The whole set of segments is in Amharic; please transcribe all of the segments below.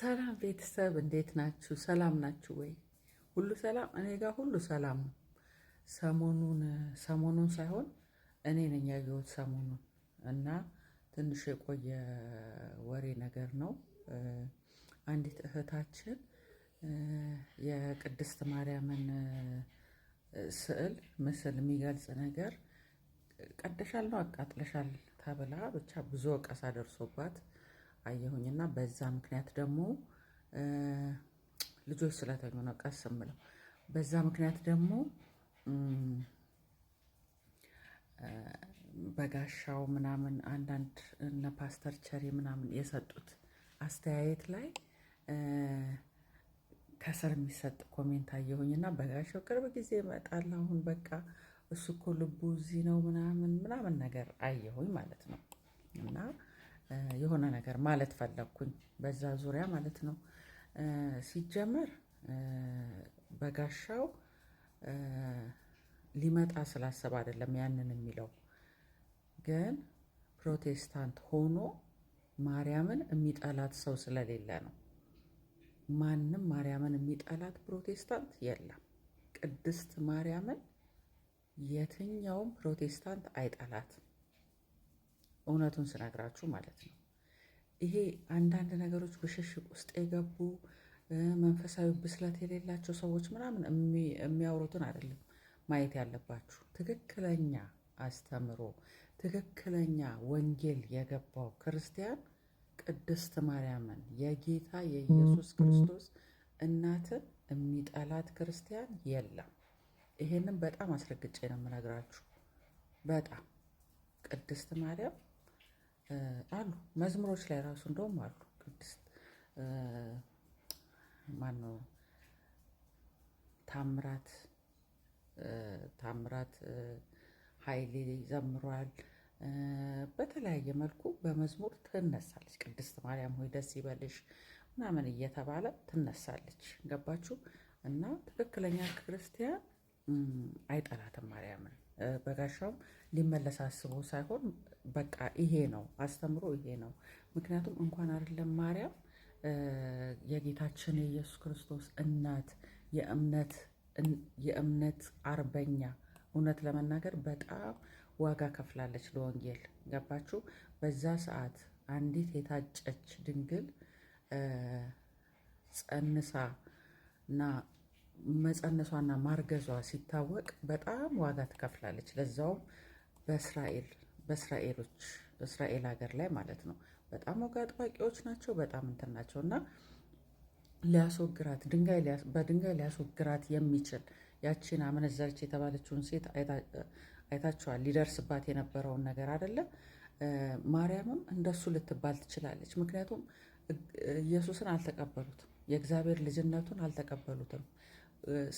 ሰላም ቤተሰብ እንዴት ናችሁ? ሰላም ናችሁ ወይ? ሁሉ ሰላም? እኔ ጋር ሁሉ ሰላም ነው። ሰሞኑን ሰሞኑን ሳይሆን እኔ ነኝ ያየሁት ሰሞኑን እና ትንሽ የቆየ ወሬ ነገር ነው። አንዲት እህታችን የቅድስት ማርያምን ስዕል ምስል የሚገልጽ ነገር ቀደሻል ነው አቃጥለሻል ተብላ ብቻ ብዙ ወቀሳ ደርሶባት አየሁኝና በዛ ምክንያት ደግሞ ልጆች ስለተኙ ነው ቀስ በዛ ምክንያት ደግሞ በጋሻው ምናምን አንዳንድ እነ ፓስተር ቸሪ ምናምን የሰጡት አስተያየት ላይ ከስር የሚሰጥ ኮሜንት አየሁኝና በጋሻው ቅርብ ጊዜ ይመጣል፣ አሁን በቃ እሱ እኮ ልቡ እዚህ ነው ምናምን ምናምን ነገር አየሁኝ ማለት ነው እና የሆነ ነገር ማለት ፈለግኩኝ በዛ ዙሪያ ማለት ነው። ሲጀመር በጋሻው ሊመጣ ስላሰብ አይደለም ያንን የሚለው ግን ፕሮቴስታንት ሆኖ ማርያምን የሚጠላት ሰው ስለሌለ ነው። ማንም ማርያምን የሚጠላት ፕሮቴስታንት የለም። ቅድስት ማርያምን የትኛውም ፕሮቴስታንት አይጠላትም። እውነቱን ስነግራችሁ ማለት ነው። ይሄ አንዳንድ ነገሮች በሽሽቅ ውስጥ የገቡ መንፈሳዊ ብስለት የሌላቸው ሰዎች ምናምን የሚያወሩትን አይደለም ማየት ያለባችሁ። ትክክለኛ አስተምሮ፣ ትክክለኛ ወንጌል የገባው ክርስቲያን ቅድስት ማርያምን የጌታ የኢየሱስ ክርስቶስ እናትን የሚጠላት ክርስቲያን የለም። ይሄንም በጣም አስረግጬ ነው የምነግራችሁ። በጣም ቅድስት ማርያም አሉ መዝሙሮች ላይ ራሱ እንደውም አሉ። ቅድስት ማነው ታምራት ታምራት ኃይሌ ዘምሯል። በተለያየ መልኩ በመዝሙር ትነሳለች። ቅድስት ማርያም ሆይ ደስ ይበልሽ ምናምን እየተባለ ትነሳለች። ገባችሁ? እና ትክክለኛ ክርስቲያን አይጠላትም ማርያምን። በጋሻውም ሊመለስ አስቦ ሳይሆን በቃ ይሄ ነው አስተምሮ፣ ይሄ ነው። ምክንያቱም እንኳን አይደለም ማርያም የጌታችን የኢየሱስ ክርስቶስ እናት የእምነት አርበኛ እውነት ለመናገር በጣም ዋጋ ከፍላለች ለወንጌል ገባችሁ። በዛ ሰዓት አንዲት የታጨች ድንግል ጸንሳ እና መጸነሷና ማርገዟ ሲታወቅ በጣም ዋጋ ትከፍላለች። ለዛውም በእስራኤል በእስራኤሎች በእስራኤል ሀገር ላይ ማለት ነው። በጣም ወግ አጥባቂዎች ናቸው። በጣም እንትን ናቸው እና ሊያስወግራት በድንጋይ ሊያስወግራት የሚችል ያቺን አመነዘረች የተባለችውን ሴት አይታችኋል። ሊደርስባት የነበረውን ነገር አደለ። ማርያምም እንደሱ ልትባል ትችላለች። ምክንያቱም ኢየሱስን አልተቀበሉትም፣ የእግዚአብሔር ልጅነቱን አልተቀበሉትም።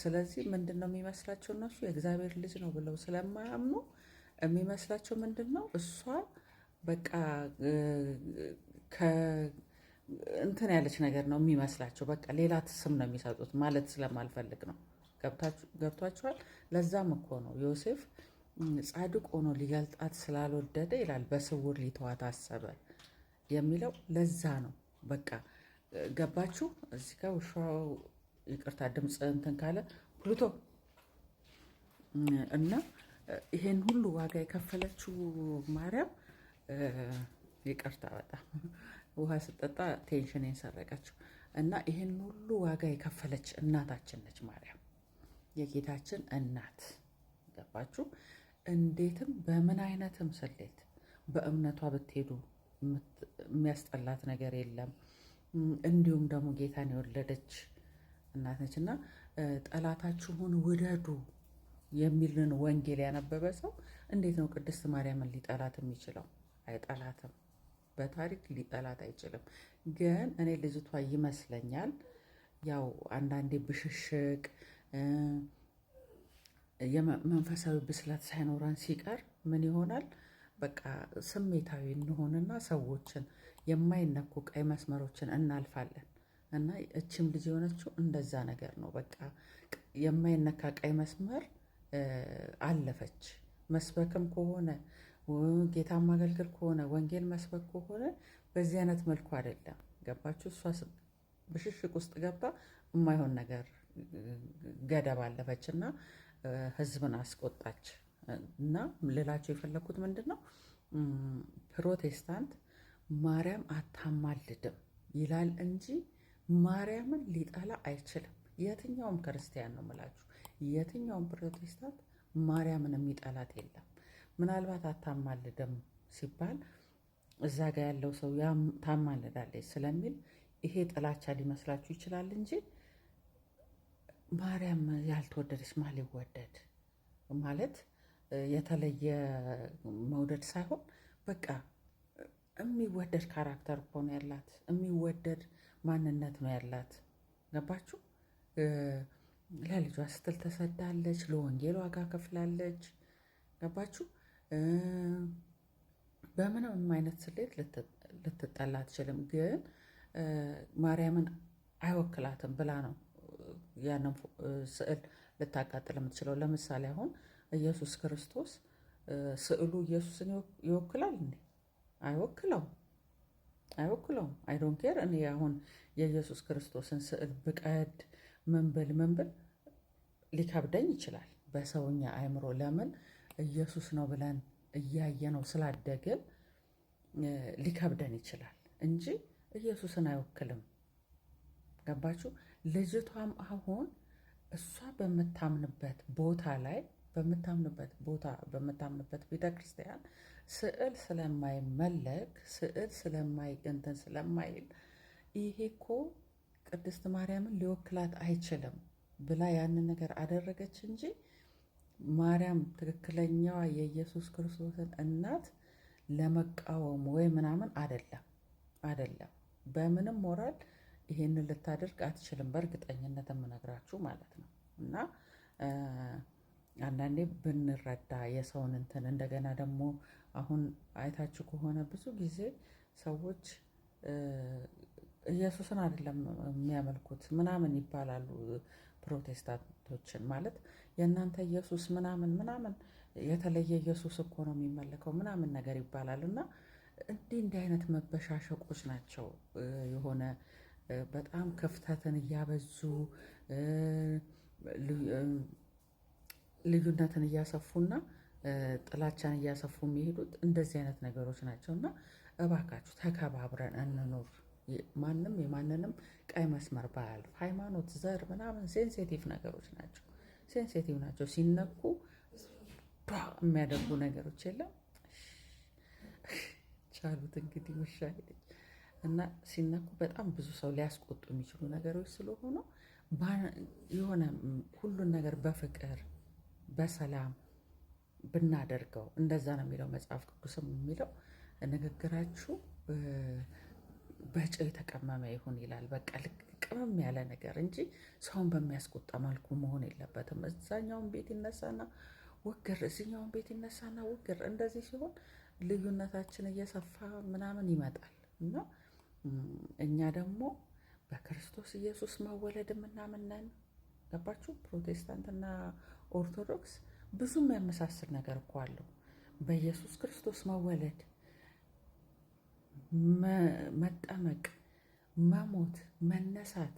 ስለዚህ ምንድን ነው የሚመስላቸው እነሱ የእግዚአብሔር ልጅ ነው ብለው ስለማያምኑ የሚመስላቸው ምንድን ነው እሷ በቃ እንትን ያለች ነገር ነው የሚመስላቸው። በቃ ሌላ ስም ነው የሚሰጡት። ማለት ስለማልፈልግ ነው። ገብቷችኋል? ለዛም እኮ ነው ዮሴፍ ጻድቅ ሆኖ ሊገልጣት ስላልወደደ ይላል በስውር ሊተዋት አሰበ የሚለው ለዛ ነው። በቃ ገባችሁ? እዚህ ጋር ውሻው ይቅርታ ድምፅ እንትን ካለ ብሉቶ እና ይሄን ሁሉ ዋጋ የከፈለችው ማርያም ይቅርታ፣ በጣም ውሃ ስጠጣ ቴንሽን የሰረቀችው እና ይሄን ሁሉ ዋጋ የከፈለች እናታችን ነች ማርያም፣ የጌታችን እናት ገባችሁ? እንዴትም በምን አይነትም ስሌት በእምነቷ ብትሄዱ የሚያስጠላት ነገር የለም። እንዲሁም ደግሞ ጌታን የወለደች እናት ነች እና ጠላታችሁን ውደዱ የሚልን ወንጌል ያነበበ ሰው እንዴት ነው ቅድስት ማርያምን ሊጠላት የሚችለው? አይጠላትም። በታሪክ ሊጠላት አይችልም። ግን እኔ ልጅቷ ይመስለኛል ያው አንዳንዴ ብሽሽቅ የመንፈሳዊ ብስለት ሳይኖረን ሲቀር ምን ይሆናል? በቃ ስሜታዊ እንሆንና ሰዎችን የማይነኩ ቀይ መስመሮችን እናልፋለን። እና እችም ልጅ የሆነችው እንደዛ ነገር ነው። በቃ የማይነካ ቀይ መስመር አለፈች። መስበክም ከሆነ ጌታ ማገልገል ከሆነ ወንጌል መስበክ ከሆነ በዚህ አይነት መልኩ አይደለም። ገባችሁ? እሷ ብሽሽቅ ውስጥ ገብታ የማይሆን ነገር ገደብ አለፈች እና ህዝብን አስቆጣች። እና ልላቸው የፈለግኩት ምንድን ነው ፕሮቴስታንት ማርያም አታማልድም ይላል እንጂ ማርያምን ሊጠላ አይችልም። የትኛውም ክርስቲያን ነው የምላችሁ የትኛውን ፕሮቴስታንት ማርያምን የሚጠላት የለም። ምናልባት አታማልድም ሲባል እዛ ጋ ያለው ሰው ታማልዳለች ስለሚል ይሄ ጥላቻ ሊመስላችሁ ይችላል እንጂ ማርያም ያልተወደደች ማ ሊወደድ ማለት የተለየ መውደድ ሳይሆን በቃ የሚወደድ ካራክተር እኮ ነው ያላት፣ የሚወደድ ማንነት ነው ያላት። ገባችሁ? ለልጇ ስትል ተሰዳለች፣ ለወንጌል ዋጋ ከፍላለች። ገባችሁ? በምንም አይነት ስሌት ልትጠላ አትችልም። ግን ማርያምን አይወክላትም ብላ ነው ያንን ስዕል ልታቃጥል የምትችለው። ለምሳሌ አሁን ኢየሱስ ክርስቶስ ስዕሉ ኢየሱስን ይወክላል እንዴ? አይወክለው አይወክለውም። አይዶን ኬር። እኔ አሁን የኢየሱስ ክርስቶስን ስዕል ብቀድ መንበል መንበል ሊከብደኝ ይችላል በሰውኛ አእምሮ። ለምን ኢየሱስ ነው ብለን እያየ ነው ስላደግን ሊከብደን ይችላል እንጂ ኢየሱስን አይወክልም። ገባችሁ? ልጅቷም አሁን እሷ በምታምንበት ቦታ ላይ በምታምንበት ቦታ በምታምንበት ቤተ ክርስቲያን ስዕል ስለማይመለክ ስዕል ስለማይ እንትን ስለማይል ይሄ እኮ ቅድስት ማርያምን ሊወክላት አይችልም። ብላ ያንን ነገር አደረገች እንጂ ማርያም ትክክለኛዋ የኢየሱስ ክርስቶስን እናት ለመቃወም ወይ ምናምን አደለም አደለም። በምንም ሞራል ይሄንን ልታደርግ አትችልም። በእርግጠኝነት የምነግራችሁ ማለት ነው። እና አንዳንዴ ብንረዳ የሰውን እንትን እንደገና ደግሞ አሁን አይታችሁ ከሆነ ብዙ ጊዜ ሰዎች ኢየሱስን አይደለም የሚያመልኩት ምናምን ይባላሉ ፕሮቴስታንቶችን ማለት የእናንተ ኢየሱስ ምናምን ምናምን የተለየ ኢየሱስ እኮ ነው የሚመለከው ምናምን ነገር ይባላል እና እንዲህ እንዲህ አይነት መበሻሸቆች ናቸው የሆነ በጣም ክፍተትን እያበዙ ልዩነትን እያሰፉና ጥላቻን እያሰፉ የሚሄዱት እንደዚህ አይነት ነገሮች ናቸው እና እባካችሁ ተከባብረን እንኖር። ማንም የማንንም ቀይ መስመር ባያልፍ ሃይማኖት፣ ዘር ምናምን ሴንሴቲቭ ነገሮች ናቸው። ሴንሴቲቭ ናቸው። ሲነኩ የሚያደርጉ ነገሮች የለም ቻሉት እንግዲህ ውሻ ሄደች እና ሲነኩ በጣም ብዙ ሰው ሊያስቆጡ የሚችሉ ነገሮች ስለሆኑ የሆነ ሁሉን ነገር በፍቅር በሰላም ብናደርገው እንደዛ ነው የሚለው መጽሐፍ ቅዱስም የሚለው ንግግራችሁ በጨው የተቀመመ ይሁን ይላል። በቃ ቅመም ያለ ነገር እንጂ ሰውን በሚያስቆጣ መልኩ መሆን የለበትም። እዛኛውን ቤት ይነሳና ውግር፣ እዚኛውን ቤት ይነሳና ውግር። እንደዚህ ሲሆን ልዩነታችን እየሰፋ ምናምን ይመጣል እና እኛ ደግሞ በክርስቶስ ኢየሱስ መወለድ የምናምናን ገባችሁ። ፕሮቴስታንትና ኦርቶዶክስ ብዙም የሚያመሳስል ነገር እኮ አለው። በኢየሱስ ክርስቶስ መወለድ መጠመቅ፣ መሞት፣ መነሳት፣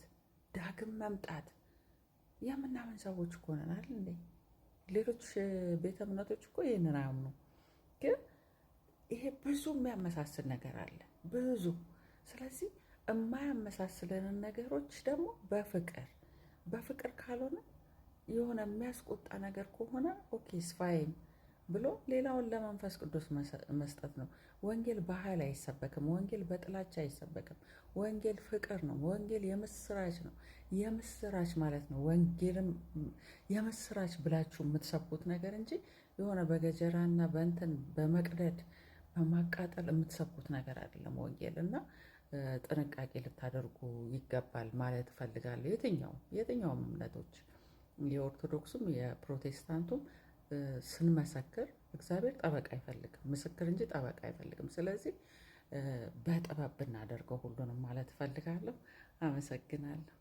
ዳግም መምጣት የምናምን ሰዎች እኮ ነን አይደል እንዴ? ሌሎች ቤተ እምነቶች እኮ ይህንን አያምኑ። ግን ይሄ ብዙ የሚያመሳስል ነገር አለ ብዙ። ስለዚህ የማያመሳስለንን ነገሮች ደግሞ በፍቅር በፍቅር ካልሆነ የሆነ የሚያስቆጣ ነገር ከሆነ ኦኬ ስፋይን ብሎ ሌላውን ለመንፈስ ቅዱስ መስጠት ነው። ወንጌል በኃይል አይሰበክም። ወንጌል በጥላቻ አይሰበክም። ወንጌል ፍቅር ነው። ወንጌል የምስራች ነው። የምስራች ማለት ነው። ወንጌልም የምስራች ብላችሁ የምትሰብኩት ነገር እንጂ የሆነ በገጀራና በእንትን በመቅደድ በማቃጠል የምትሰብኩት ነገር አይደለም ወንጌል እና ጥንቃቄ ልታደርጉ ይገባል ማለት እፈልጋለሁ። የትኛውም የትኛውም እምነቶች የኦርቶዶክሱም የፕሮቴስታንቱም ስንመሰክር እግዚአብሔር ጠበቃ አይፈልግም፣ ምስክር እንጂ ጠበቃ አይፈልግም። ስለዚህ በጥበብ ብናደርገው ሁሉንም ማለት እፈልጋለሁ። አመሰግናለሁ።